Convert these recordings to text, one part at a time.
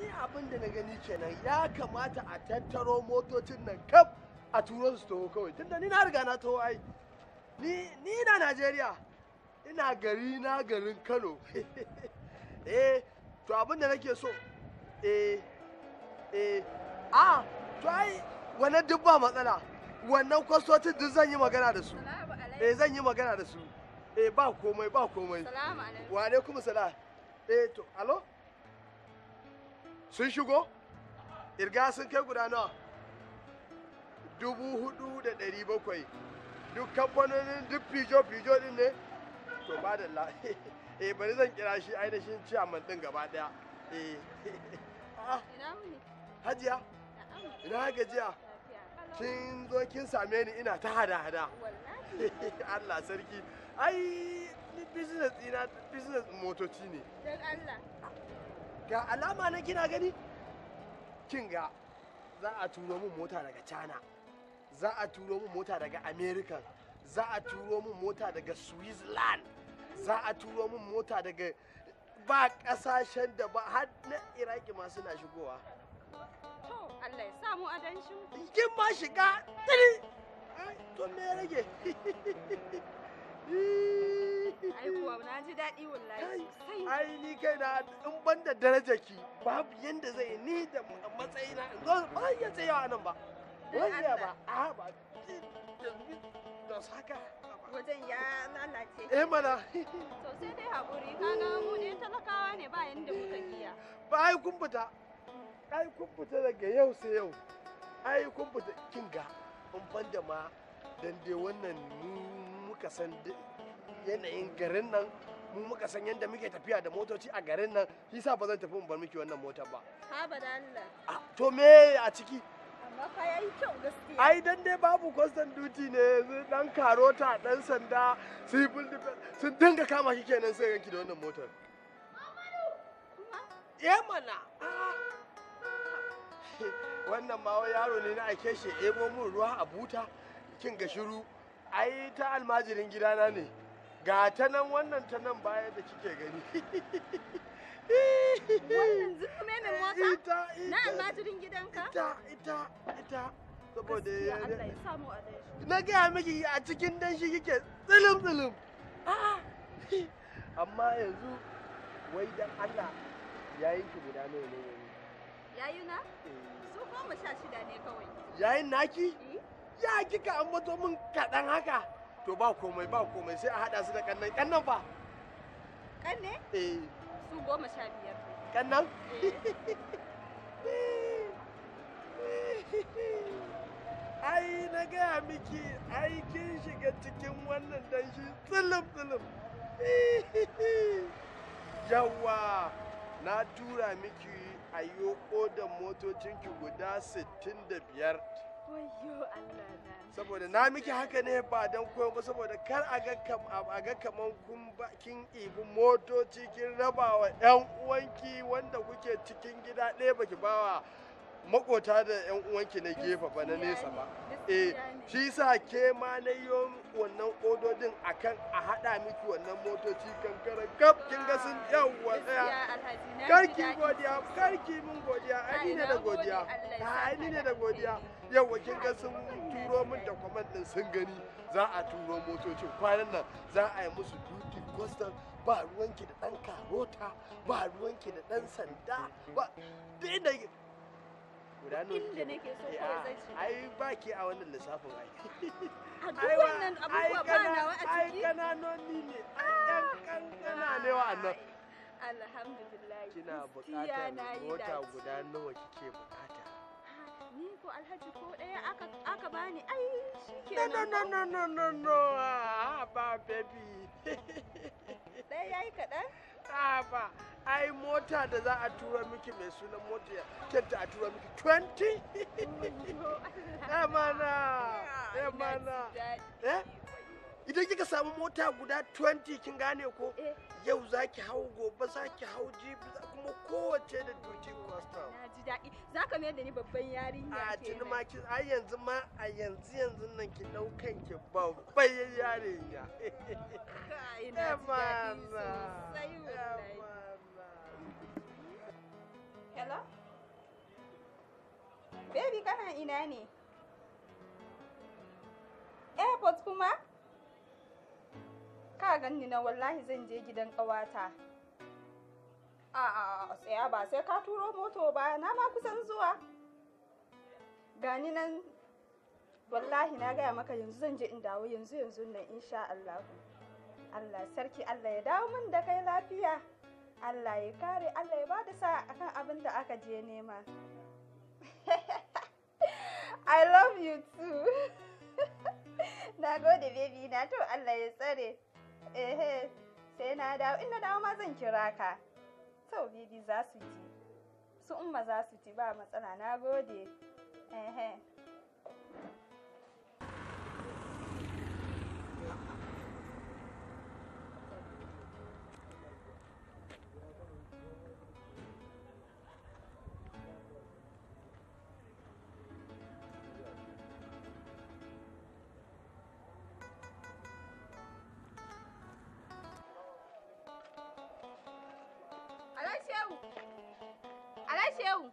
ni abin da na gani kenan ya kamata a tattaro motocin nan kaf a turo su taho kawai tunda ni na riga na taho ai ni ni na Najeriya ina gari na garin Kano eh to abin da nake so eh eh ah to ai wannan duk ba matsala wannan kwastocin duk zan yi magana da su eh zan yi magana da su eh ba komai ba komai wa alaikum salam eh to alo sun shigo irga sun kai guda nawa dubu hudu da dari bakwai duk kamfanonin duk fijo-fijo din ne to ba da la eh bari zan kira shi ainihin ciyaman din gaba daya eh ah. hajiya ina gajiya kin zo kin same ni ina ta hada-hada Allah sarki ai business ina business motoci ne dan Allah ga alama na kina gani kin ga za a turo min mota daga china za a turo min mota daga america za a turo min mota daga switzerland za a turo min mota daga ba kasashen da ba har na iraki ma suna shigowa Allah ya samu adanshin kin ma shiga tiri to me rage Ai kuwa na ji daɗi wallahi. Ai ni kai na in ban da daraja ki babu yanda zai ni da matsayina in zo ba zan iya tsayawa nan ba. Ba zan iya ba. A ba. Da saka. Wajen ya lalace. Eh mana. To sai dai haƙuri kaga mu ne talakawa ne ba yanda muka giya. Ba ai kun fita. Ai kun fita daga yau sai yau. Ai kun fita kin ga in ban da ma dan dai wannan muka san yanayin garin nan mu muka san yadda muke tafiya da motoci a garin nan yasa ba zan tafi in bar miki wannan motar ba ha ba Allah to me a ciki amma fa yayi kyau gaskiya ai dan dai babu constant duty ne yanzu dan karota dan sanda civil defense sun dinga kama ki kenan sai ganki da wannan motar eh mana ah. wannan ma yaro ne na ake shi ebo mun ruwa a buta kin ga shiru ai ta almajirin gidana ne ga ta nan wannan ta nan baya da kike gani wannan zukume mai mota na almajirin gidanka ita ita ita saboda ya Allah na gaya miki a cikin danshi kike tsilim tsilim amma yanzu wai dan Allah yayin ki guda nawa ne yayu na eh. su goma sha shida ne kawai yayin naki eh. ya kika ambato min kaɗan haka to ba komai ba komai sai a hada su da kannan kannan fa kanne eh su goma sha biyar kannan ai na gaya miki ai kin shiga cikin wannan danshi tsulum tsulum yawa na tura miki a yi da motocinki guda 65 saboda na miki haka ne ba don koyo ba saboda kar a ga kaman kun kin ibi motoci kin raba wa yan uwanki wanda kuke cikin gida ɗaya baki bawa makota da yan uwanki na gefe ba na nesa ba eh shi sa ke ma na yi wannan ododin akan a haɗa miki wannan motoci kankara kaf kin ga sun yawwa tsaya karki godiya karki mun godiya ai ne da godiya ai ne da godiya yau kin ga sun turo min da kwamandin sun gani za a turo motocin kwanan nan za a yi musu duty custom ba ruwanki da ɗan karota ba ruwanki da dan sanda ba da inda guda inda nake so kawai ah, zai ci ai baki a wannan lissafin ai a duk wannan abubuwa ba nawa a ciki ai kananoni ne ai kankana ah, ne wa wa'annan alhamdulillah kina buƙatar mota guda nawa kike buƙata. ni ko alhaji ko ɗaya aka bani ai shikenan no no no no no no ah, ba baby ɗaya yayi kaɗan ba ai mota da za a tura miki mai sunan mota ya a tura miki 20 eh, eh idan kika samu mota guda 20 kin gane ko eh. yau za ki hau gobe za ki hau jibi za kuma kowace da duty custom na ji daɗi za ka mayar da ni babban yarinya a tuni ma ki a yanzu ma a yanzu yanzu nan ki ɗaukan ki babban yarinya kai na eh, eh, hello baby kana ina ne airport kuma ganni na wallahi zan je gidan ƙawata a a tsaya ba sai ka turo moto ba na ma kusan zuwa gani nan wallahi na gaya maka yanzu zan je in dawo yanzu yanzu nan insha Allah Allah sarki Allah ya dawo min da kai lafiya Allah ya kare Allah ya bada sa akan abin da aka je nema I love you too. na gode baby na to Allah ya tsare. ehe sai na dawo in na dawo ma zan kira ka to bibi za su ji su umma za su ji ba matsala na gode ehe Shehu.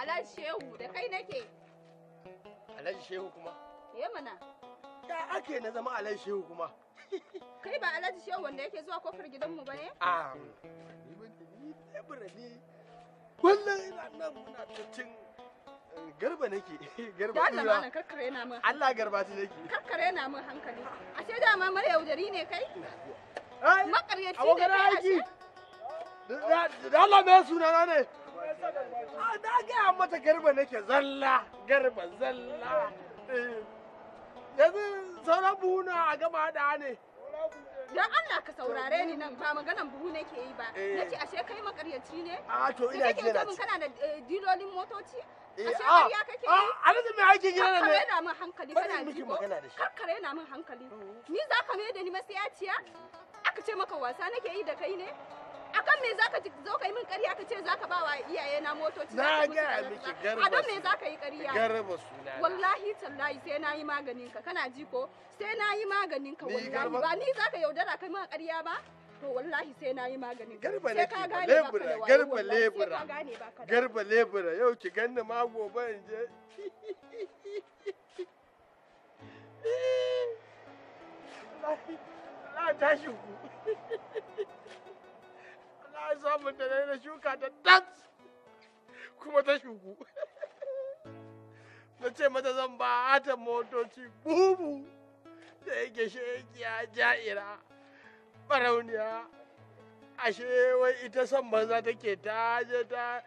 Alhaji Shehu da kai nake. Alhaji Shehu kuma? mana. Ya ake na zama Alhaji Shehu kuma? Kai ba Alhaji Shehu wanda yake zuwa kofar gidanmu ba ne? Ah. A eh, Allah kai? Makaryaci Da Allah Ah, na gaya mata garba nake zalla, garba zalla. Eh, yanzu sauran na a gama da ne. don Allah ka saurare ni nan ba maganan buhu nake yi ba. Eh. Nace ashe kai makaryaci ne? A ah, to ina ji na. Kake kana da eh, dilolin motoci? Ashe ah, ƙarya kake yi? A rasa mai aikin gida ne. Kare na min hankali kana ji ko? Kare na min hankali. Mm. Ni za ka mai da ni masiyaciya? Aka ce maka wasa nake yi da kai ne? Akan me za ka zo ka ƙarya ka ce zaka ba wa iyaye na motoci na ga miki a don me yi ƙarya garba wallahi tallahi sai na yi maganin ka kana ji ko sai na yi maganin ka wallahi ba ni zaka yaudara kai ma ƙarya ba to wallahi sai na yi maganin ka gane lebura garba lebura garba lebura yau ki ganni ma ba in je na samu da na shuka ta tas kuma ta shuku na ce mata zan ba ta motoci bubu da yake shekiya ja'ira barauniya ashe wai ita san banza take ta je ta